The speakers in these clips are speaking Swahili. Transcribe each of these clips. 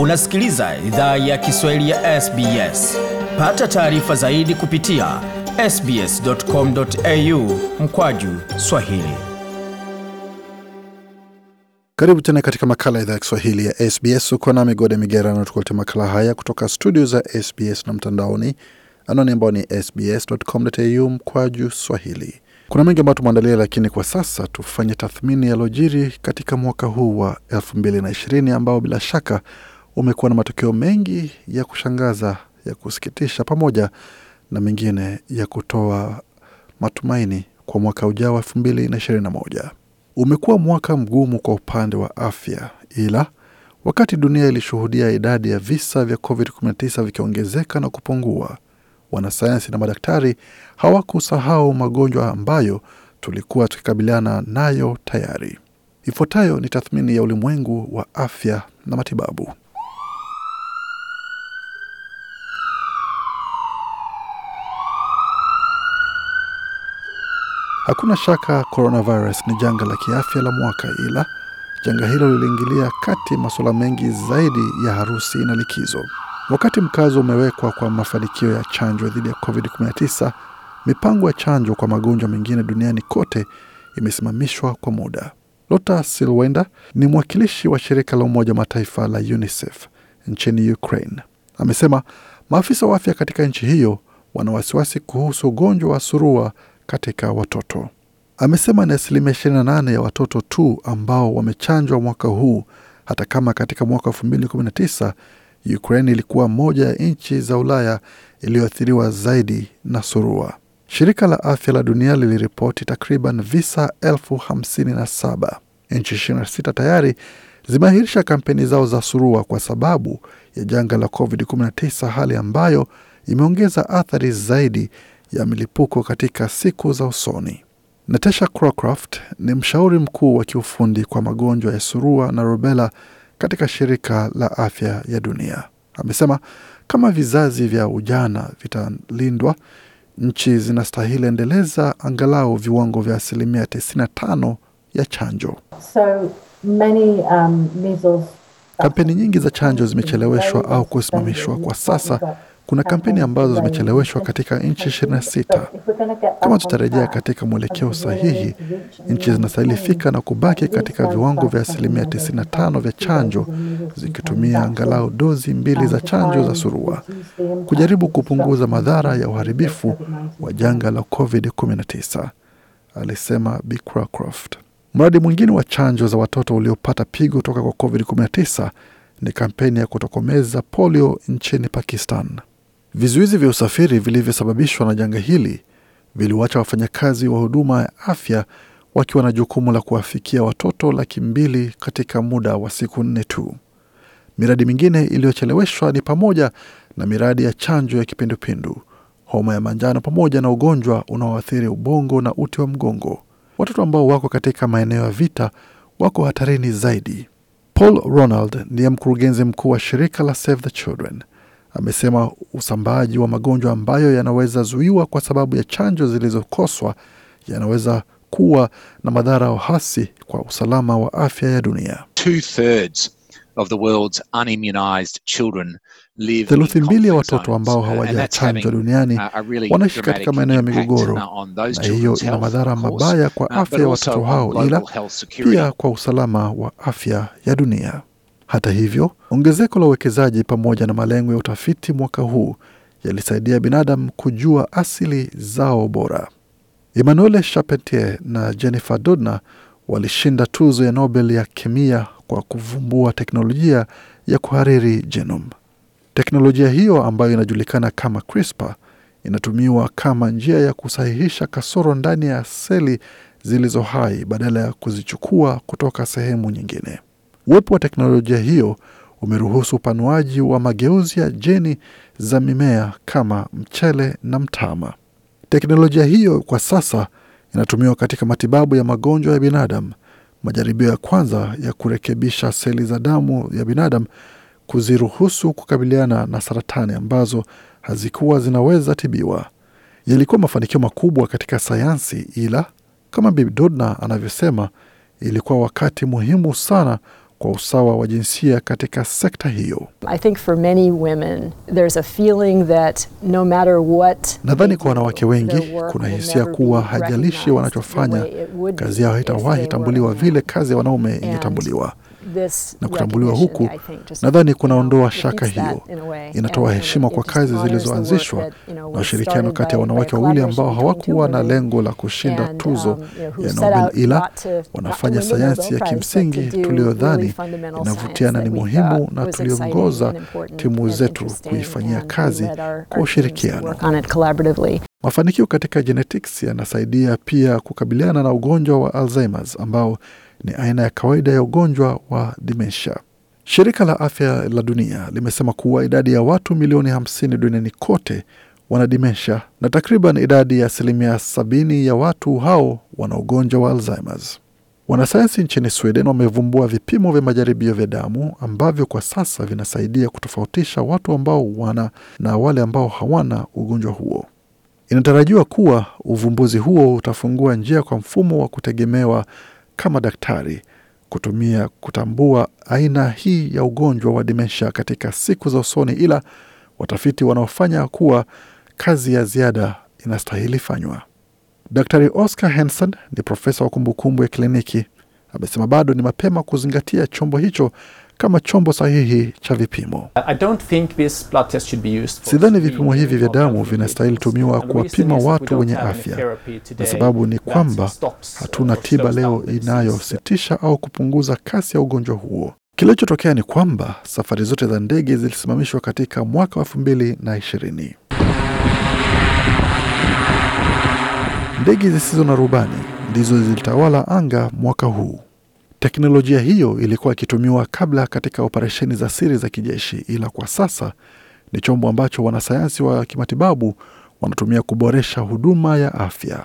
Unasikiliza idhaa ya Kiswahili ya SBS. Pata taarifa zaidi kupitia sbs.com.au mkwaju swahili. Karibu tena katika makala ya idhaa ya Kiswahili ya SBS. Uko na Migode Migerano tukuletea makala haya kutoka studio za SBS na mtandaoni, anaoni ambao ni sbs.com.au mkwaju swahili. Kuna mengi ambayo tumeandalia, lakini kwa sasa tufanye tathmini yaliojiri katika mwaka huu wa 2020 ambao bila shaka umekuwa na matokeo mengi ya kushangaza, ya kusikitisha, pamoja na mengine ya kutoa matumaini kwa mwaka ujao wa moja. Umekuwa mwaka mgumu kwa upande wa afya, ila wakati dunia ilishuhudia idadi ya visa vya COVID-19 vikiongezeka na kupungua, wanasayansi na madaktari hawakusahau magonjwa ambayo tulikuwa tukikabiliana nayo tayari. Ifuatayo ni tathmini ya ulimwengu wa afya na matibabu. Hakuna shaka coronavirus ni janga la kiafya la mwaka, ila janga hilo liliingilia kati masuala mengi zaidi ya harusi na likizo. Wakati mkazo umewekwa kwa mafanikio ya chanjo dhidi ya COVID-19, mipango ya chanjo kwa magonjwa mengine duniani kote imesimamishwa kwa muda. Lota Silwenda ni mwakilishi wa shirika la Umoja Mataifa la UNICEF nchini Ukraine. Amesema maafisa wa afya katika nchi hiyo wana wasiwasi kuhusu ugonjwa wa surua katika watoto. Amesema ni asilimia 28 ya watoto tu ambao wamechanjwa mwaka huu, hata kama katika mwaka 2019 Ukraine ilikuwa moja ya nchi za Ulaya iliyoathiriwa zaidi na surua. Shirika la afya la dunia liliripoti takriban visa elfu hamsini na saba. Nchi 26 tayari zimeahirisha kampeni zao za surua kwa sababu ya janga la COVID-19, hali ambayo imeongeza athari zaidi ya milipuko katika siku za usoni. Natasha Crocroft ni mshauri mkuu wa kiufundi kwa magonjwa ya surua na rubela katika shirika la afya ya dunia. Amesema kama vizazi vya ujana vitalindwa, nchi zinastahili endeleza angalau viwango vya asilimia 95 ya chanjo. So many, um, measles... Uh, kampeni nyingi za chanjo zimecheleweshwa au kusimamishwa kwa sasa kuna kampeni ambazo zimecheleweshwa katika nchi 26. Kama tutarejea katika mwelekeo sahihi, nchi zinastahili fika na kubaki katika viwango vya asilimia 95 vya chanjo, zikitumia angalau dozi mbili za chanjo za surua, kujaribu kupunguza madhara ya uharibifu wa janga la COVID-19, alisema Bi Mradi mwingine wa chanjo za watoto uliopata pigo toka kwa COVID-19 ni kampeni ya kutokomeza polio nchini Pakistan. Vizuizi vya usafiri vilivyosababishwa na janga hili viliwacha wafanyakazi wa huduma ya afya wakiwa na jukumu la kuwafikia watoto laki mbili katika muda wa siku nne tu. Miradi mingine iliyocheleweshwa ni pamoja na miradi ya chanjo ya kipindupindu, homa ya manjano, pamoja na ugonjwa unaoathiri ubongo na uti wa mgongo. Watoto ambao wako katika maeneo ya vita wako hatarini zaidi. Paul Ronald ndiye mkurugenzi mkuu wa shirika la Save the Children amesema usambaaji wa magonjwa ambayo yanaweza zuiwa kwa sababu ya chanjo zilizokoswa yanaweza kuwa na madhara hasi kwa usalama wa afya ya dunia. Theluthi mbili ya watoto ambao hawajachanjwa duniani wanaishi katika maeneo ya migogoro, na hiyo ina madhara mabaya kwa uh, afya ya watoto hao, ila pia kwa usalama wa afya ya dunia. Hata hivyo, ongezeko la uwekezaji pamoja na malengo ya utafiti mwaka huu yalisaidia binadamu kujua asili zao bora. Emmanuel Charpentier na Jennifer Doudna walishinda tuzo ya Nobel ya kemia kwa kuvumbua teknolojia ya kuhariri genome. Teknolojia hiyo ambayo inajulikana kama CRISPR inatumiwa kama njia ya kusahihisha kasoro ndani ya seli zilizo hai badala ya kuzichukua kutoka sehemu nyingine. Uwepo wa teknolojia hiyo umeruhusu upanuaji wa mageuzi ya jeni za mimea kama mchele na mtama. Teknolojia hiyo kwa sasa inatumiwa katika matibabu ya magonjwa ya binadamu. Majaribio ya kwanza ya kurekebisha seli za damu ya binadamu kuziruhusu kukabiliana na saratani ambazo hazikuwa zinaweza tibiwa yalikuwa mafanikio makubwa katika sayansi, ila kama Bibi Dodna anavyosema, ilikuwa wakati muhimu sana kwa usawa wa jinsia katika sekta hiyo. No, nadhani kwa wanawake wengi kuna hisia kuwa hajalishi wanachofanya, kazi yao haitawahi tambuliwa vile kazi ya wanaume ingetambuliwa na kutambuliwa huku, nadhani kunaondoa shaka hiyo, inatoa heshima kwa kazi zilizoanzishwa na ushirikiano kati ya wanawake wawili ambao hawakuwa na lengo la kushinda tuzo um, ya Nobel, ila wanafanya sayansi ya kimsingi tuliyodhani inavutia na ni muhimu, na tuliongoza timu zetu kuifanyia kazi kwa ushirikiano. Mafanikio katika genetics yanasaidia pia kukabiliana na ugonjwa wa Alzheimer's ambao ni aina ya kawaida ya ugonjwa wa dimensha Shirika la Afya la Dunia limesema kuwa idadi ya watu milioni 50 duniani kote wana dimensha na takriban idadi ya asilimia 70 ya watu hao wana ugonjwa wa Alzheimers. Wanasayansi nchini Sweden wamevumbua vipimo vya majaribio vya damu ambavyo kwa sasa vinasaidia kutofautisha watu ambao wana na wale ambao hawana ugonjwa huo. Inatarajiwa kuwa uvumbuzi huo utafungua njia kwa mfumo wa kutegemewa kama daktari kutumia kutambua aina hii ya ugonjwa wa dimensha katika siku za usoni, ila watafiti wanaofanya kuwa kazi ya ziada inastahili fanywa. Daktari Oscar Henson ni profesa wa kumbukumbu ya kliniki, amesema bado ni mapema kuzingatia chombo hicho kama chombo sahihi cha vipimo. Sidhani vipimo hivi vya damu vinastahili tumiwa kuwapima watu wenye afya, na sababu ni kwamba hatuna tiba leo inayositisha au kupunguza kasi ya ugonjwa huo. Kilichotokea ni kwamba safari zote za ndege zilisimamishwa katika mwaka wa elfu mbili na ishirini. Ndege zisizo na rubani ndizo zilitawala anga mwaka huu. Teknolojia hiyo ilikuwa ikitumiwa kabla katika operesheni za siri za kijeshi, ila kwa sasa ni chombo ambacho wanasayansi wa kimatibabu wanatumia kuboresha huduma ya afya.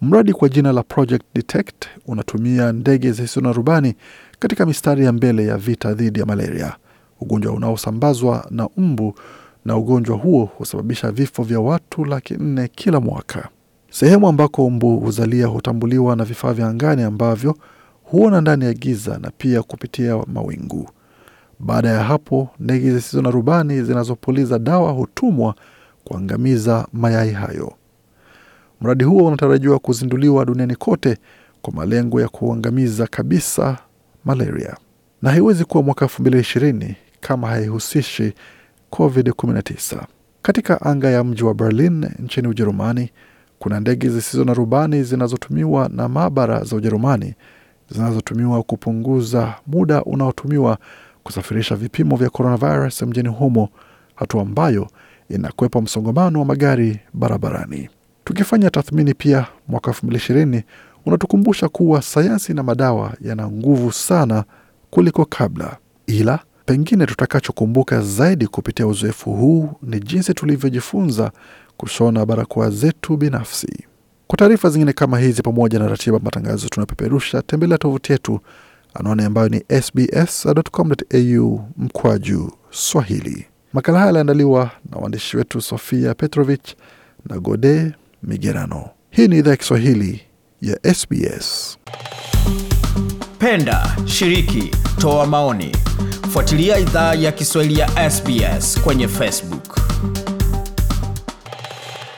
Mradi kwa jina la Project Detect unatumia ndege zisizo na rubani katika mistari ya mbele ya vita dhidi ya malaria, ugonjwa unaosambazwa na mbu, na ugonjwa huo husababisha vifo vya watu laki nne kila mwaka. Sehemu ambako mbu huzalia hutambuliwa na vifaa vya angani ambavyo huona ndani ya giza na pia kupitia mawingu. Baada ya hapo, ndege zisizo na rubani zinazopuliza dawa hutumwa kuangamiza mayai hayo. Mradi huo unatarajiwa kuzinduliwa duniani kote kwa malengo ya kuangamiza kabisa malaria, na haiwezi kuwa mwaka ishirini kama haihusishi COVID-19. Katika anga ya mji wa Berlin nchini Ujerumani kuna ndege zisizo na rubani zinazotumiwa na maabara za Ujerumani zinazotumiwa kupunguza muda unaotumiwa kusafirisha vipimo vya coronavirus mjini humo, hatua ambayo inakwepa msongamano wa magari barabarani. Tukifanya tathmini pia, mwaka 2020 unatukumbusha kuwa sayansi na madawa yana nguvu sana kuliko kabla, ila pengine tutakachokumbuka zaidi kupitia uzoefu huu ni jinsi tulivyojifunza kushona barakoa zetu binafsi. Kwa taarifa zingine kama hizi pamoja na ratiba matangazo tunapeperusha, tembelea tovuti yetu anwani ambayo ni sbs.com.au mkwaju Swahili. Makala haya yaliandaliwa na waandishi wetu Sofia Petrovich na Gode Migerano. Hii ni idhaa ya Kiswahili ya SBS. Penda, shiriki, toa maoni, fuatilia idhaa ya Kiswahili ya SBS kwenye Facebook.